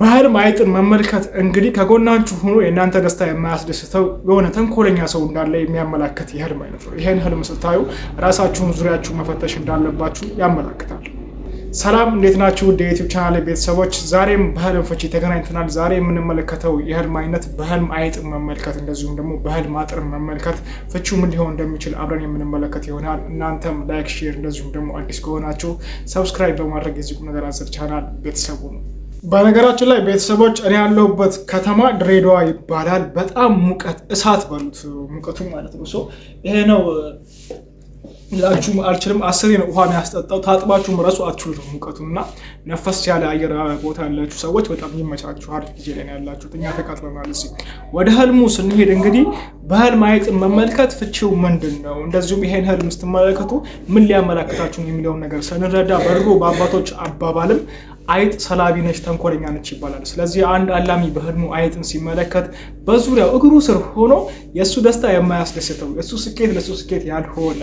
ባህር አይጥን መመልከት እንግዲህ ከጎናችሁ ሆኖ የእናንተ ደስታ የማያስደስተው የሆነ ተንኮለኛ ሰው እንዳለ የሚያመላክት የህልም አይነት ነው። ይህን ህልም ስታዩ ራሳችሁን፣ ዙሪያችሁ መፈተሽ እንዳለባችሁ ያመላክታል። ሰላም እንዴት ናችሁ? ውድ የዩቲዩብ ቻናል ቤተሰቦች፣ ዛሬም በህልም ፍቺ ተገናኝተናል። ዛሬ የምንመለከተው የህልም አይነት በህልም አይጥን መመልከት እንደዚሁም ደግሞ በህልም አጥርን መመልከት ፍቺው ምን ሊሆን እንደሚችል አብረን የምንመለከት ይሆናል። እናንተም ላይክ፣ ሼር እንደዚሁም ደግሞ አዲስ ከሆናችሁ ሰብስክራይብ በማድረግ የዚህ ቁም ነገር አዘል ቻናል ቤተሰቡ ነው በነገራችን ላይ ቤተሰቦች እኔ ያለሁበት ከተማ ድሬዳዋ ይባላል። በጣም ሙቀት እሳት በሉት ሙቀቱ ማለት ነው። ይሄ ነው ላችሁ አልችልም። አስሬ ነው ውሃ ያስጠጣው። ታጥባችሁም ረሱ አትችሉትም ሙቀቱ እና ነፈስ ያለ አየር ቦታ ያላችሁ ሰዎች በጣም ይመቻችሁ። አሪፍ ጊዜ ላይ ያላችሁት። እኛ ተቃጥለናል። እዚህ ወደ ህልሙ ስንሄድ እንግዲህ በህልም አይጥን መመልከት ፍቺው ምንድን ነው፣ እንደዚሁም ይሄን ህልም ስትመለከቱ ምን ሊያመላክታችሁ የሚለውን ነገር ስንረዳ በድሮ በአባቶች አባባልም አይጥ ሰላቢ ነች፣ ተንኮለኛ ነች ይባላል። ስለዚህ አንድ አላሚ በህልሙ አይጥን ሲመለከት በዙሪያው እግሩ ስር ሆኖ የእሱ ደስታ የማያስደስተው የእሱ ስኬት ለእሱ ስኬት ያልሆነ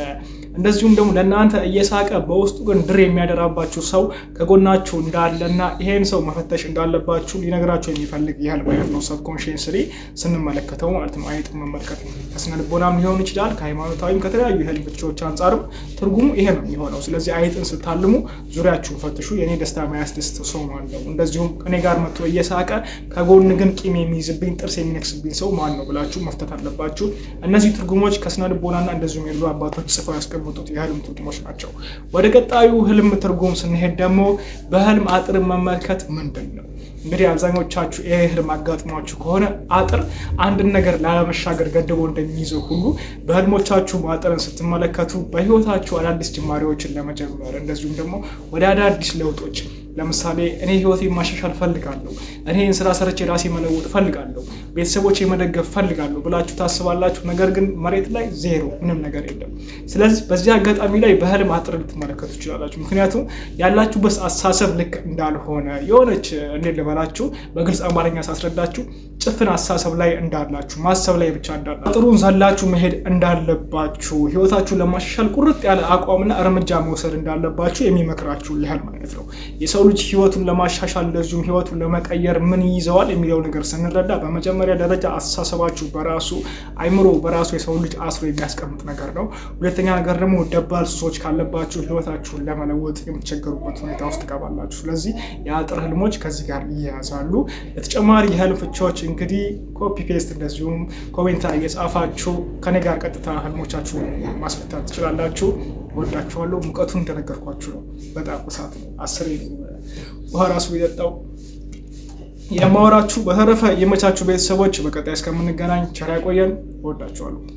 እንደዚሁም ደግሞ ለእናንተ እየሳቀ በውስጡ ግን ድር የሚያደራባችሁ ሰው ከጎናችሁ እንዳለና ይሄን ሰው መፈተሽ እንዳለባችሁ ሊነግራችሁ የሚፈልግ ያህል አይነት ነው። ሰብኮንሽንስሊ ስንመለከተው ማለት ነው። አይጥ መመልከት ከስነ ልቦናም ሊሆን ይችላል፣ ከሃይማኖታዊም ከተለያዩ የህልም ፍቾች አንጻርም ትርጉሙ ይሄ ነው የሚሆነው። ስለዚህ አይጥን ስታልሙ ዙሪያችሁን ፈትሹ። የእኔ ደስታ ማያስደስ የሚያስደስተው ሰው ማን ነው? እንደዚሁም እኔ ጋር መጥቶ እየሳቀ ከጎን ግን ቂም የሚይዝብኝ ጥርስ የሚነክስብኝ ሰው ማን ነው ብላችሁ መፍታት አለባችሁ። እነዚህ ትርጉሞች ከስነ ልቦናና እንደዚሁም የሉ አባቶች ጽፈው ያስቀምጡት የህልም ትርጉሞች ናቸው። ወደ ቀጣዩ ህልም ትርጉም ስንሄድ ደግሞ በህልም አጥር መመልከት ምንድን ነው? እንግዲህ አብዛኞቻችሁ ይሄ ህልም አጋጥሟችሁ ከሆነ አጥር አንድን ነገር ላለመሻገር ገድቦ እንደሚይዘው ሁሉ በህልሞቻችሁ አጥርን ስትመለከቱ በህይወታችሁ አዳዲስ ጅማሬዎችን ለመጀመር እንደዚሁም ደግሞ ወደ አዳዲስ ለውጦች ለምሳሌ እኔ ህይወቴ ማሻሻል ፈልጋለሁ፣ እኔ ይህን ስራ ሰርቼ ራሴ መለወጥ ፈልጋለሁ፣ ቤተሰቦች መደገፍ ፈልጋለሁ ብላችሁ ታስባላችሁ። ነገር ግን መሬት ላይ ዜሮ ምንም ነገር የለም። ስለዚህ በዚህ አጋጣሚ ላይ በህልም አጥር ልትመለከቱ ይችላላችሁ። ምክንያቱም ያላችሁበት አስተሳሰብ ልክ እንዳልሆነ የሆነች እንዴት ልበላችሁ፣ በግልጽ አማርኛ ሳስረዳችሁ ጭፍን አስተሳሰብ ላይ እንዳላችሁ ማሰብ ላይ ብቻ እንዳላችሁ ጥሩን ዘላችሁ መሄድ እንዳለባችሁ ህይወታችሁን ለማሻሻል ቁርጥ ያለ አቋምና እርምጃ መውሰድ እንዳለባችሁ የሚመክራችሁ ልህል ማለት ነው። የሰው ልጅ ህይወቱን ለማሻሻል እንደዚሁም ህይወቱን ለመቀየር ምን ይዘዋል የሚለው ነገር ስንረዳ በመጀመሪያ ደረጃ አስተሳሰባችሁ በራሱ አይምሮ በራሱ የሰው ልጅ አስሮ የሚያስቀምጥ ነገር ነው። ሁለተኛ ነገር ደግሞ ደባል ሱሶች ካለባችሁ ህይወታችሁን ለመለወጥ የምትቸገሩበት ሁኔታ ውስጥ ትገባላችሁ። ስለዚህ የአጥር ህልሞች ከዚህ ጋር ይያያዛሉ። ለተጨማሪ የህልም ፍቻዎች እንግዲህ ኮፒ ፔስት እንደዚሁም ኮሜንት ላይ እየጻፋችሁ ከኔ ጋር ቀጥታ ህልሞቻችሁ ማስፈታት ትችላላችሁ። ወዳችኋለሁ። ሙቀቱን እንደነገርኳችሁ ነው። በጣም እሳት ነው። አስሬ ውሃ ራሱ የጠጣው የማወራችሁ። በተረፈ የመቻችሁ ቤተሰቦች፣ በቀጣይ እስከምንገናኝ ቸር ያቆየን። ወዳችኋለሁ።